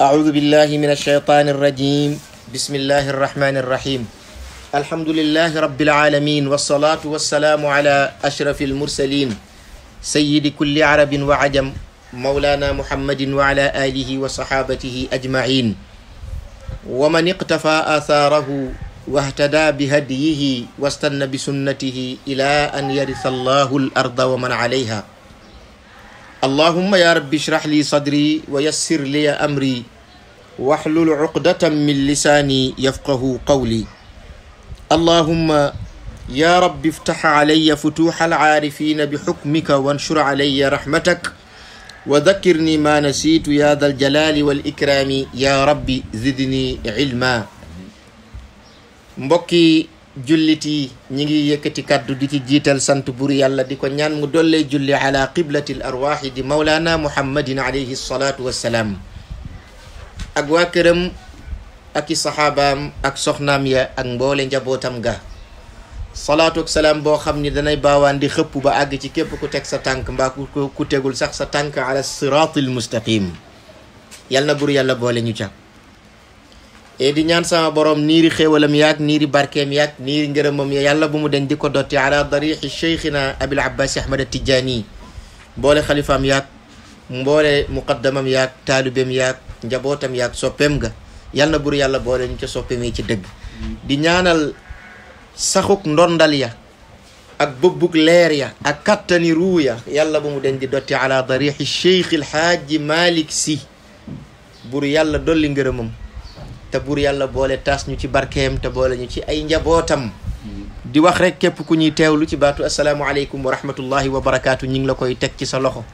أعوذ بالله من الشيطان الرجيم بسم الله الرحمن الرحيم الحمد لله رب العالمين والصلاة والسلام على أشرف المرسلين سيد كل عرب وعجم مولانا محمد وعلى آله وصحابته أجمعين ومن اقتفى آثاره واهتدى بهديه واستنى بسنته إلى أن يرث الله الأرض ومن عليها اللهم يا رب اشرح لي صدري ويسر لي أمري واحلل عقدة من لساني يفقه قولي اللهم يا رب افتح علي فتوح العارفين بحكمك وانشر علي رحمتك وذكرني ما نسيت يا ذا الجلال والإكرام يا ربي زدني علما مبكي jullit yi ñi ngi yëkkati kàddu di ci jiital sant bur yàlla di ko ñaan mu dollee julli ala qiblati l arwaaxi di mawlaana muhammadin alayhi salaatu wassalaam ak waa këram ak i saxaabaam ak soxnaam ya ak mboole njabootam ga salaatu ak salaam boo xam ni danay baawaan di xëpp ba àgg ci képp ku teg sa tànk mbaa ku tegul sax sa tànk ala siraati l mustaqim yàlla na bur yàlla boole ñu ca e di ñaan sama borom niiri xéewalam yaag niiri barkeem yaag niiri ngërëmam ya yàlla bu mu deñ di ko dotti ala darixi cheikhina abil abbas ahmad tijaani mboole xalifaam yaag mboole muqaddamam yaag taalibeem yaag njabootam yaag soppeem ga yàlla na bur yàlla boole ñu ca soppeem yi ci dëgg di ñaanal saxuk ndondal ya ak bëbbug leer ya ak kattani ruu ya yàlla bu mu deñ di dotti ala darixi cheikh alhaaji malik si bur yàlla dolli ngërëmam te buur yàlla boole taas ñu ci barkeem te boole ñu ci ay njabootam. di wax rek képp ku ñuy teewlu ci baatu asalaamualeykum wa rahmatullahi wa barakaatu ñu ngi la koy teg ci sa loxo.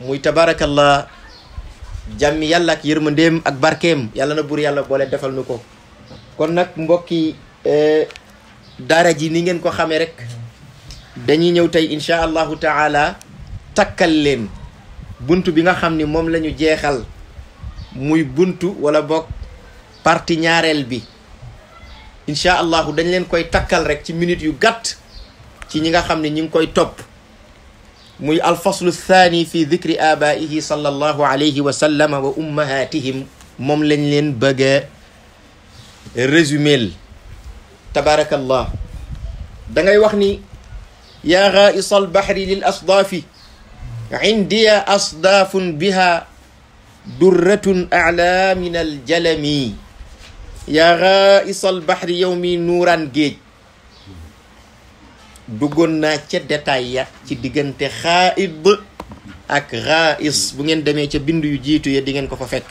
muy tabaarakallah jàmmi yàlla ak yërmandeem ak barkeem yàlla na buur yàlla boole defal nu ko. kon nag mbokki e, daara ji ni ngeen ko xamee rek dañuy ñëw tey incha allahu taala takkal leen bunt bi nga xam ni moom la ñu jeexal muy buntu wala bokk. parti ñaarel bi insha allah dañ leen koy takkal rek ci minute yu gàtt ci ñi nga xam ne ñi ngi koy topp muy alfaslu thani fi dicri abaihi sallallahu alayhi wa sallama wa ummahatihim moom lañ leen bëgg a résumel tabarakallah da ngay wax ni yaa ghaisa albahri lil asdaafi indiya asdaafun biha durratun ala min aljalami yaa raisal bahri yow mi nuuraan géej duggoon naa ca détail ya ci diggante xaaid ak rais bu ngeen demee ca bind yu jiitu ya di ngeen ko fa fekk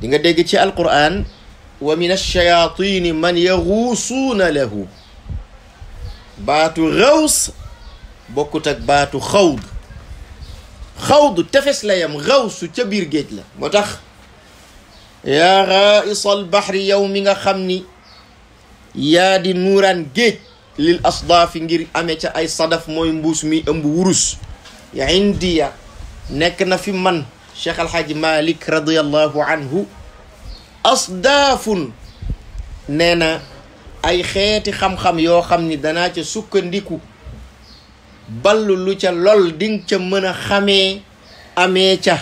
di nga dégg ci alquran wa min alchayatini man yaxuusuuna lahu baatu raws bokkut ak baatu xawd xawd tefes la yam rawsu ca biir géej la moo tax yaa xaaisal baxri yow mi nga xam ni yaa di nuuraan géej lil asdaafi ngir amee ca ay sadaf mooy mbuus mi ëmb wurus indiya nekk na fi man cheikh alxaaji malik radiallahu anhu asdaafun nee na ay xeeti xam-xam yoo xam ni danaa ca sukkandiku ball lu ca lol dinga ca mën a xamee amee ca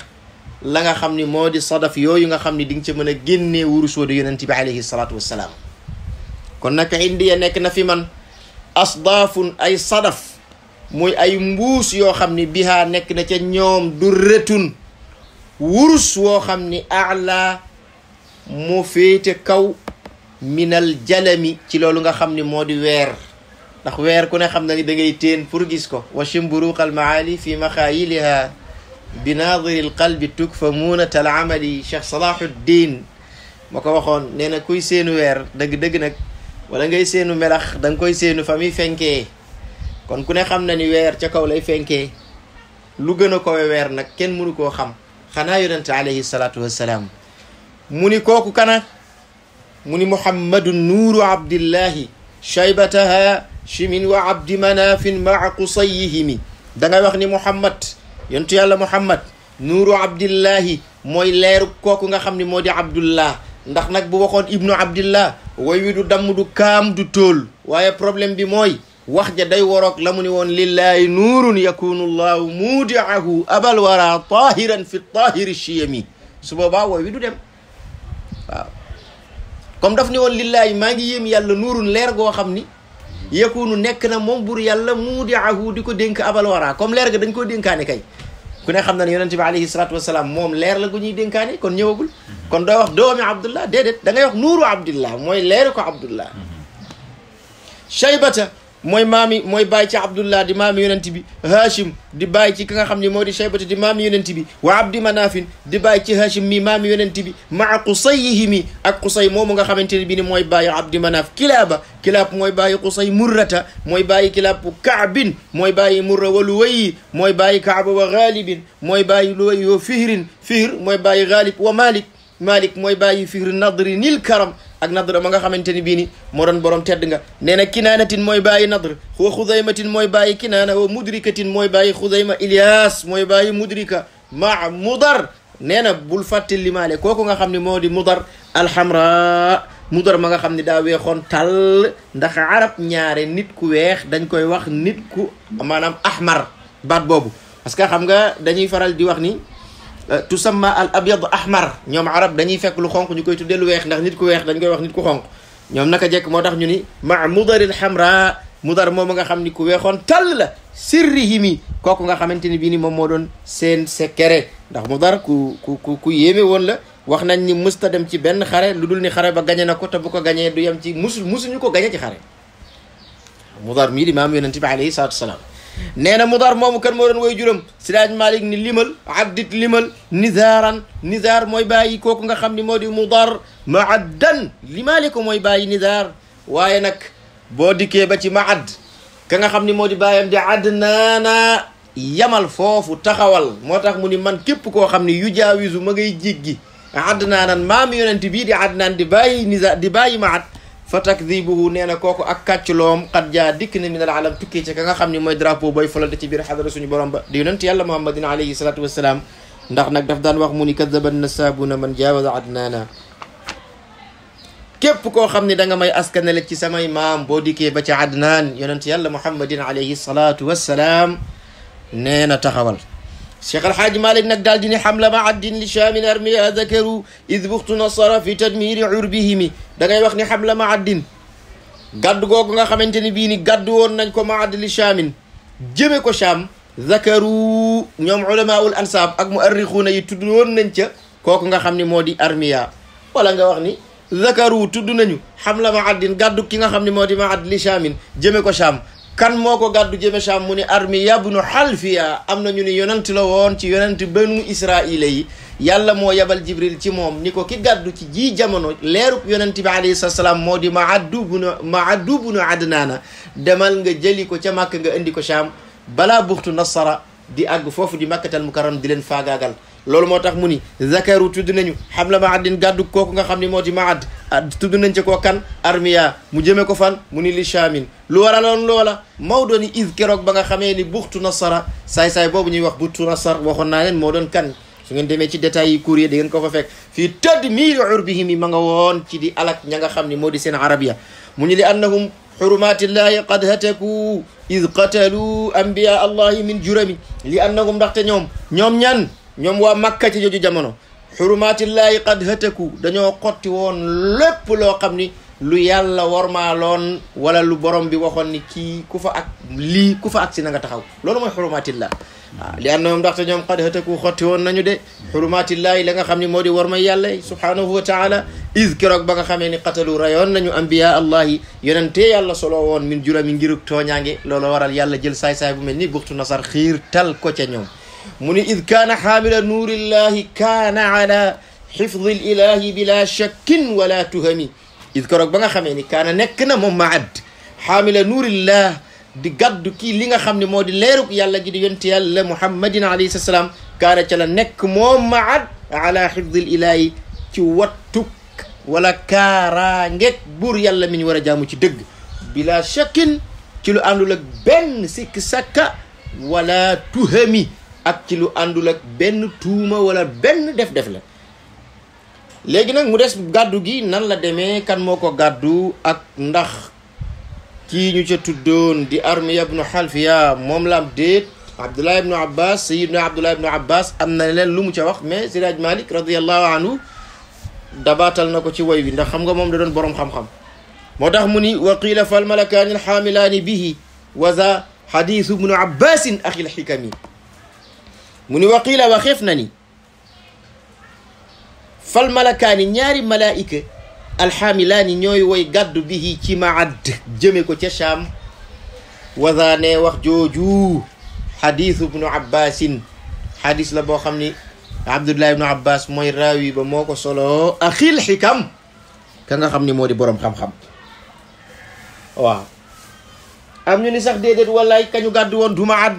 la nga xam ni moo di sadaf yooyu nga xam ni di nga ci mën a génnee wurus wa di yonent alayhi salaatu wassalaam kon nag indi ya nekk na fi man asdaafun ay sadaf muy ay mbuus yoo xam ni bihaa nekk na ca ñoom du rëtun wurus woo xam ni ala mu féete kaw minal jalami ci loolu nga xam ni moo di weer ndax weer ku ne xam ni da ngay téen pour gis ko wa chimburuqal maali fi maxaayiliha binaadir l qalbi tukfa muunata al amali cheikh salahuddin ma ko waxoon nee na kuy seenu weer dëgg-dëgg nag wala ngay seenu melax da nga koy seenu fa muy fenkee kon ku ne xam na ni weer ca kaw lay fenkee lu gën a kowe weer nag kenn mënu koo xam xanaa yonente alayhi salaatu wassalaam mu ni kooku kana mu ni muhammadu nuuru abdillahi shaybataha shimin wa abdi manafin maa qusayihimi da ngay wax ni muhammad yontu yàlla muhammad nuuru abdillahi mooy leer kooku nga xam ni moo di abdullah ndax nag bu waxoon ibnu abdillah way wi du du kaam du tóol waaye problème bi mooy wax ja day waroog lamu mu ni woon lillahi nuurun yakunu llahu muudiahu abal wara tahiran fi tahiri chiyami su boobaa wooy wi du dem waaw daf ni woon lillahi maa ngi yéem yàlla nuurun leer goo xam ni yakunu nekk na moom bur yàlla muudiahu di ko dénk abal wara comme leer ga dañ koo dénkaane kay ku ne xam na ne yonent bi alayhi salaatu wasalaam moom leer la gu ñuy dénkaane kon ñëwagul kon doo wax doomi abdullah déedéet da ngay wax nuuru abdullah mooy leeru ko abdullah mm-hmm. shaybata mooy maami mooy bàyyi ci abdullah di maami yonent bi hachim di bàyyi ci ki nga xam ne moo di shaybatu di maami yonent bi wa abdi manafin di bàyyi ci hachim mi maami yonent bi maa qusayhimi ak qusay moomu nga xamante ne bi ni mooy bàyyi abdi manaf kilaaba kilaab mooy bàyyi qusay murrata mooy bàyyi kilaab kaabin mooy bàyyi murra walu luwayi mooy bàyyi kaaba wa gaalibin mooy bàyyi luwayi wa fihrin fihr mooy bàyyi gaalib wa malik malik mooy bàyyi fihr nadri nil karam ak nadr ma nga xamante ni bii ni moo doon borom tedd nga nee na kinaanatin mooy bàyyi nadr wa xudaymatin mooy bàyyi kinaana wa mudrikatin mooy bàyyi xudayma Ilyas mooy bàyyi mudrika ma mudar nee na bul fàtte limaale kooku nga xam ne moo di mudar alhamra mudar ma nga xam ni daa weexoon tàll ndax arab ñaare nit ku weex dañ koy wax nit ku maanaam ahmar baat boobu parce que xam nga dañuy faral di wax ni تسمى الابيض احمر نيوم عرب داني فيك لو خونك نيكوي تودي لو ويخ نيت كو ويخ دا نغي واخ نيت كو خونك نيوم نكا جيك موتاخ ني مع مضر الحمراء مضر موما غا خامني كو ويخون تال لا سرهم كوكو غا خامنتيني بي ني موم مودون سين سيكري داخ مضر كو كو كو, كو ييمي وون لا واخنا ني مستا دم سي بن خاري لودول ني خاري با غاني نكو تبو كو غاني دو يام سي مسل مسل نيو كو غاني سي خاري مضر ميدي مام يونتي عليه الصلاه والسلام nee na Mudar moomu kan moo doon woy juróom Sidaaj Malik ni limal abdit limal nizaaran nizaar mooy bàyyi kooku nga xam ni moo di Mudar maaddan limaale ko mooy bàyyi nizaar waaye nag boo dikkee ba ci maad ka nga xam ni moo di bàyyam di adnaana yamal foofu taxawal moo tax mu ni man képp koo xam ni yu jaawisu ma ngay jéggi adnaanan maam yonent bii di adnaan di bàyyi nizaar di bàyyi maad fa takdibuhu nee na kooku ak kàcculoom xat jaa dikk na min al alam tukkee ci ka nga xam ni mooy drapeau bay folante ci biir xadara suñu borom ba di yonent yàlla muhammadin alayhi salaatu wassalaam ndax na daf daan wax mu ni kadaba nasaabuna man jaawaza adnaana képp koo xam ne da nga may askanale ci samay maam boo dikkee ba ci adnaan yonent yàlla muhammadin alayhi salaatu wassalaam nee na taxawal الشيخ الحاج مالك نقال ديني حملة مع الدين لشام أرميها ذكروا إذ بخت نصارى في تدمير عربهم دقاي وخني حملة مع الدين قد قوقنا خمنتني بيني قد وننكو مع الدين لشام جميكو شام ذكروا نيوم علماء الأنساب أك مؤرخون يتدون ننك كوكنا خمني مودي أرميها ولا نقا وخني ذكروا تدو ننيو حملة مع الدين قد كنا خمني مودي مع الدين لشام جميكو شام kan moo ko gàddu jëme Sham mu ni armi yabnu xalfiya am na ñu ni yonanti la woon ci yonent banu israila yi yàlla moo yabal jibril ci moom ni ko ki gàddu ci ji jamono leeru yonent bi alayhi salaam moo di maaddu bunu maaddu bunu adnaana demal nga jëli ko ca màkk nga indi ko Sham balaa buxtu nasara di àgg foofu di makkatal mukarram di leen faagaagal loolu moo tax mu ni zakaru tudd nañu xabla maadin gàddu kooku nga xam ni moo ci maad ah, tudd nañ ca koo kan armiya mu jëme ko fan mu ni li shaamin lu waraloon loola mao doon iz keroog ba nga xamee ni buxtu nasara saay-saay boobu ñuy wax buxtu nasar waxoon na leen moo doon kan su ngeen demee ci détails yi courrier di ngeen ko fa fekk fii tadmiri urbihim yi ma nga woon ci di alak ña nga xam ni moo di seen arabiya mu ñu li annahum xurumatillahi qad hataku id qatalu ambiya allahi min jurami li annahum ndaxte ñoom ñoom ñoom waa Makka ci jooju jamono xurumaatillaahi qad hataku dañoo xotti woon lépp loo xam ni lu yàlla loon wala lu borom bi waxoon ni kii ku fa ak lii ku fa ak si na nga taxaw loolu mooy xurumaatillah waaw ah, li annahum ndaxte ñoom qad hataku xotti woon nañu de xurumaatillaahi la nga xam ni moo di warmay yàlla subhaanahu wa taala iz keroog ba nga xamee ni qatalu rayoon nañu ambiya allahi yonentee yàlla solo woon min jurami ngirug tooñaange loolu waral yàlla jël saay-saay bu mel ni buxtu nasar xiir tal ko ca ñoom من إذ كان حامل نور الله كان على حفظ الإله بلا شك ولا تهم إذ كرك بنا خميني كان نكنا ممعد حامل نور الله di gàddu kii li nga xam ne moo di leerug yàlla gi di yonti yàlla muhammadin alayhi salaam kaana ca la nekk moom maat ala xifdil ilaahi ci wattuk wala kaaraangeeg buur yàlla mi ñu war a jaamu ci dëgg bila shakkin ci lu àndul ak benn sikk sakka wala tuhami ak ci lu àndul ak benn tuuma wala benn def-def la léegi nag mu des gàddu gi nan la demee kan moo ko gàddu ak ndax kii ñu ca tuddoon di armiya ibnu xalfiya moom la am déet abdullah ibnu abbas sayidna abdullah ibnu abbas am na leen lu mu ca wax mais siraj malik radiallahu anhu dabaatal na ko ci woy bi ndax xam nga moom da doon boroom xam-xam moo tax mu ni wa qiila falmalakaani alxaamilaani bihi abbasin mu ni waqiila waxeef na ni fal malakaani ñaari malaayika alxaamilaani ñooy woy gàddu bihi ci maad jëme ko ca Shaam wazaane wax jooju xadiis ibnu abbaasin xadiis la boo xam ni abdullah ibnu abbas mooy raawi ba moo ko solo axil xikam ka xam ni moo di xam-xam am ñu ni sax déedéet wallaay kañu gàddu woon du maad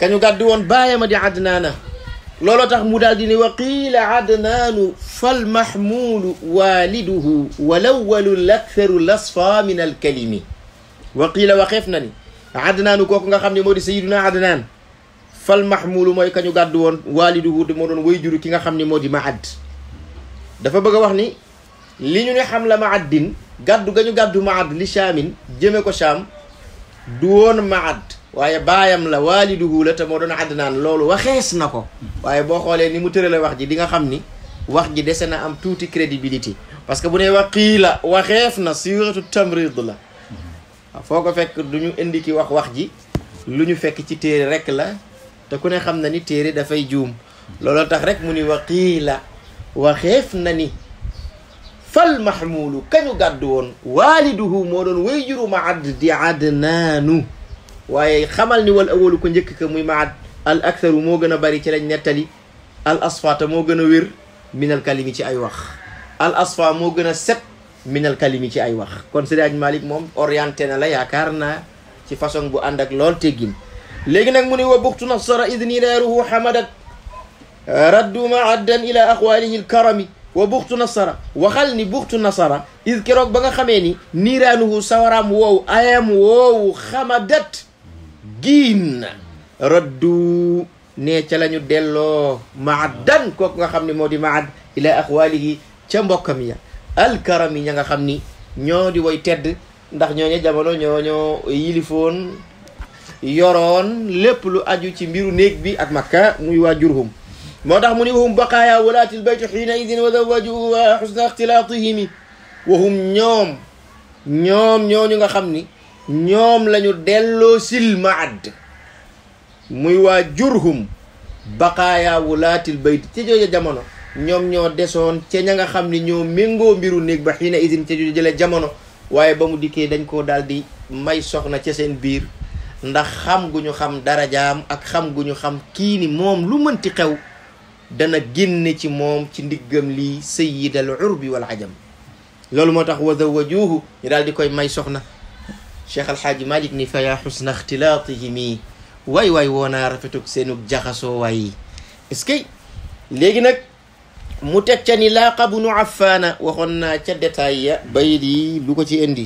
kañu gàddu woon baayama di adnaana looloo tax mu daal di ne wa qiila adnaanu fal mahmuulu waaliduhu walawwalu lakfaru lasfa min alkalimi wa qiila waxeef na ni adnaanu kooku nga xam ne moo di sayiduna adnaan fal mahmuulu mooy kañu gàddu woon waaliduhu di moo doon way juru ki nga xam ne moo di maad dafa bëgg a wax ni li ñu ne xam la maad din gàddu gañu gàddu maad li shaamin jëme ko shaam du woon maad waaye baayam la waaliduhu la te moo doon Adnaan loolu waxees na ko waaye boo xoolee ni mu tërale wax ji di nga xam ni wax ji dese na am tuuti crédibilité parce que bu ne waqiila waxeef na suratu tamrid la waaw foo ko fekk du ñu indi ki wax wax ji lu ñu fekk ci téere rek la te ku ne xam na ni téere dafay juum looloo tax rek mu ni waqiila waxeef na ni fal mahmuulu kañu gàddu woon waaliduhu moo doon wayjuru ma add di adnaanu waaye xamal ni wal awalu ko njëkk ka muy maat al aktharu moo gën a bari ci lañ nettali al asfaata moo gën a wér minal kalimi ci ay wax al asfa moo gën a set minal kalimi ci ay wax kon Seydi Hadji Malick moom orienté na la yaakaar naa ci façon bu ànd ak lool teggin léegi nag mu ne wa buxtu nasara idni naaruhu xamadat raddu ma addan ila aqwaalihi alkarami wa buxtu nasara waxal ni buxtu nasara id keroog ba nga xamee ni niiraanuhu sawaraam woowu ayam woowu xamadat giin raddu ne ca la ñu delloo maadan kooku nga xam ne moo di maad ila axwaalihi ca mbokkam ya alkaram yi ña nga xam ni ñoo di way tedd ndax ñooñu jamono ñooñoo yilifoon yoroon lépp lu aju ci mbiru néeg bi ak makka muy waa jurhum moo tax mu ni wahum baqaaya walaatil baytu xiina idin wa zawajuhu wa xusna ixtilaatihimi wahum ñoom ñoom ñooñu nga xam ni ñoom lañu delloo sil maad muy waa jurhum baqaayaa wulaatil bayt ci jooju jamono ñoom ñoo desoon ca ña nga xam ni ñoo méngoo mbiru néeg ba xiina isin ca jooju jële jamono waaye ba mu dikkee dañ koo daal di may soxna ca seen biir ndax xam gu ñu xam darajaam ak xam gu ñu xam kii ni moom lu mënti xew dana génne ci moom ci ndiggam lii sayidal urbi wal ajam loolu moo tax wa zawajuuhu ñu daal di koy may soxna cheikh alxaaji malik ni fa yaa xusna ixtilaatihimi waay waay woonaa rafetug seenug jaxasoo waay est-ce que léegi nag mu teg ca ni laaqa bunu affaana waxoon naa ca détail ya bayit yi lu ko ci indi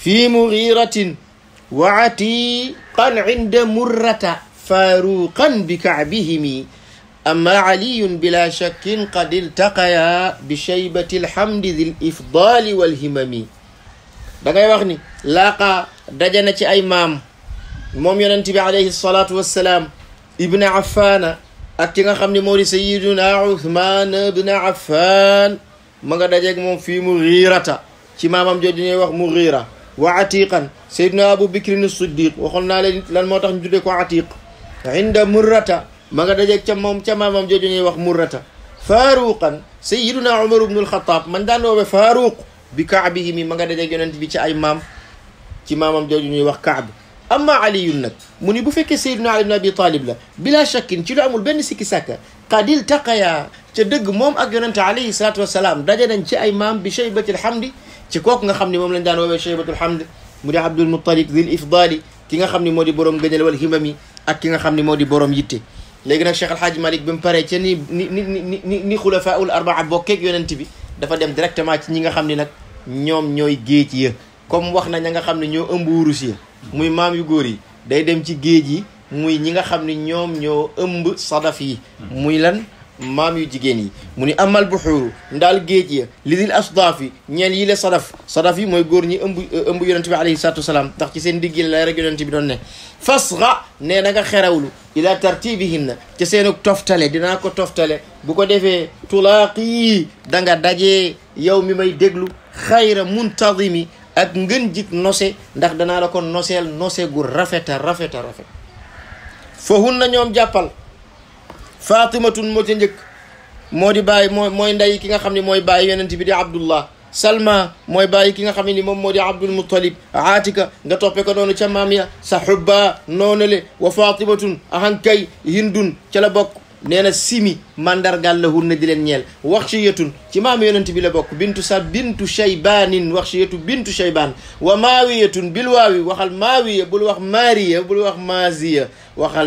fii mugiratin wa atiqan inda murrata faaruqan bi kaabihimi amma aliyun bila shakkin qad iltaqaya bi shaybati alhamdi di l ifdali walhimami da ngay wax ni laaqa daja ne ci ay maam moom yonent bi alayhi salaatu wassalaam ibn affaana ak ki nga xam ne moo di sayiduna uthman ibn affan ma nga dajeeg moom fii mu riirata ci maamam jooju ñuy wax mu riira wa atiqan sayiduna abu bikrin siddiq waxoon naa leen lan moo tax ñu tuddee ko atiq inda murrata ma nga dajeeg ca moom ca maamam jooju ñuy wax murrata faaruqan sayiduna umar ibnu alxataab man daan woowe faaruq bi kaabi mi ma nga dajeeg yonent bi ci ay maam ci maamam jooju ñuy wax kaab amma aliyun nag mu ni bu fekkee sayduna ali ibn abi talib la bila shakkin ci lu amul benn sikki sàkka qad iltaqaya ca dëgg moom ak yonente alayhi salatu wasalaam daje nañ ci ay maam bi cheybatil hamdi ci kooku nga xam ne lañ daan woowee cheybatul hamd mu di abdul muttalib dil ifdali ki nga xam ne moo di wal himami ak ki nga xam ne moo yitte léegi nag cheikh alhaaji malik bi mu paree ni ni ni ni ni xulafaul arbaa bokkeeg yonent bi dafa dem directement ci ñi nga xam ne ñoom ñooy géej ya comme wax na ña nga xam ne ñoo ëmb wurus ya muy maam yu góor yi day dem ci géej yi muy ñi nga xam ne ñoom ñoo ëmb sadaf yi muy lan maam yu jigéen yi mu ni amal buxuuru ndaal géej ya li dil asdaaf yi ñeel yi la sadaf sadaf yi mooy góor ñi ëmb ëmb yonent bi alayhi salaatu wasalaam ndax ci seen digg la rek yonent bi doon ne fasra nee na nga xerewlu ila tartibihinna ca seenu toftale dinaa ko toftale bu ko defee tulaaqi da nga yow mi may déglu خير منتظمي اك نجيت نوسي داخ دانا لاكو نوسيل نوسي غو رافيتا رافيتا رافيت فهون نا نيوم جابال فاطمه مو تي مودي باي موي نداي كيغا خامني موي باي يوننتي بي دي عبد الله سلمى موي باي كيغا خامني ني موم مودي عبد المطلب عاتك غا توبي كو نونو تي ماميا صحبا نونلي وفاطمه اهانكاي هندون تي لا nee na simi mandargal la hunna di leen ñeel waxshiyatun ci maam yonent bi la bokk bintu sa bintu shaybaanin waxshiyatu bintu shaybaan wa maawiyatun bil waawi waxal maawiya bul wax maariya bul wax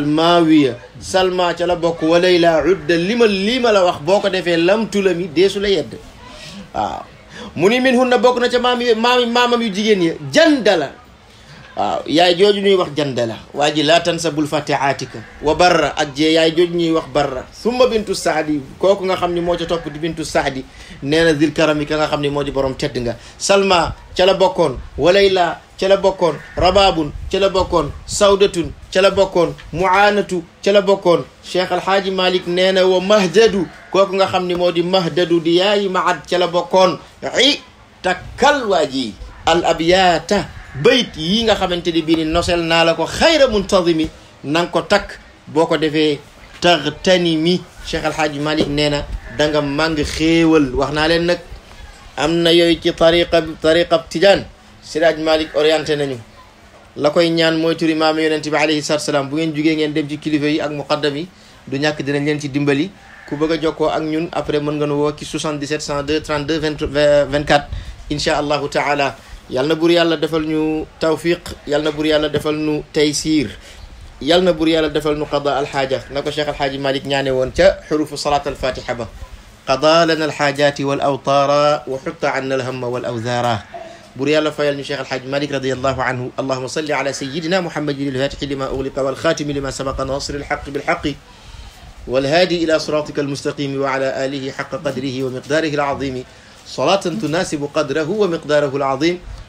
maawiya salma ca la bokk walay laa udda limal la wax boo ko defee lamtula mi deesu la yedd waaw mu ni min hunna bokk na ca maam yi maam maamam yu jigéen ya jandala waaw yaay jooju ñuy wax jandala waa ji laa tansa bul fàtte aatika wa barra ak jee yaay jooju ñuy wax barra summa bintu saadi kooku nga xam ni moo ca topp di bintu saadi nee na dil karami ka nga xam ni moo di borom tedd nga salma ca la bokkoon walayla ca la bokkoon rababun ca la bokkoon sawdatun ca la bokkoon muaanatu ca la bokkoon cheikh alhaaji malik nee na wa mahdadu kooku nga xam ni moo di mahdadu di yaayi maad ca la bokkoon i takkal waa ji al abyaata bayt yi nga xamante ni bii ni nosel naa la ko xayra muntazimi na nga ko takk boo ko defee taxtani mi cheikh alhaaji malik nee na da nga màng xéewal wax naa leen nag am na yooyu ci tariqa tariqa tijaan siraaj malik orienté nañu la koy ñaan mooy turi maam yonente bi alayhi salatu salaam bu ngeen jugee ngeen dem ci kilifa yi ak muqaddam yi du ñàkk dinañ leen ci dimbali ku bëgg a jokkoo ak ñun après mën nga nu woo ci 77 102 32 24 incha allahu taala يالنا بور يالا ديفال نيو توفيق يالنا بور يالا ديفال نو تيسير يالنا بور يالا ديفال نو قضاء الحاجه نكو شيخ الحاج مالك نياني وون تا حروف صلاه الفاتحه با قضى لنا الحاجات والاوطار وحط عنا الهم والاوزار بور يالا فايل نيو شيخ الحاج مالك رضي الله عنه اللهم صل على سيدنا محمد الفاتح لما اغلق والخاتم لما سبق ناصر الحق بالحق والهادي الى صراطك المستقيم وعلى اله حق قدره ومقداره العظيم صلاة تناسب قدره ومقداره العظيم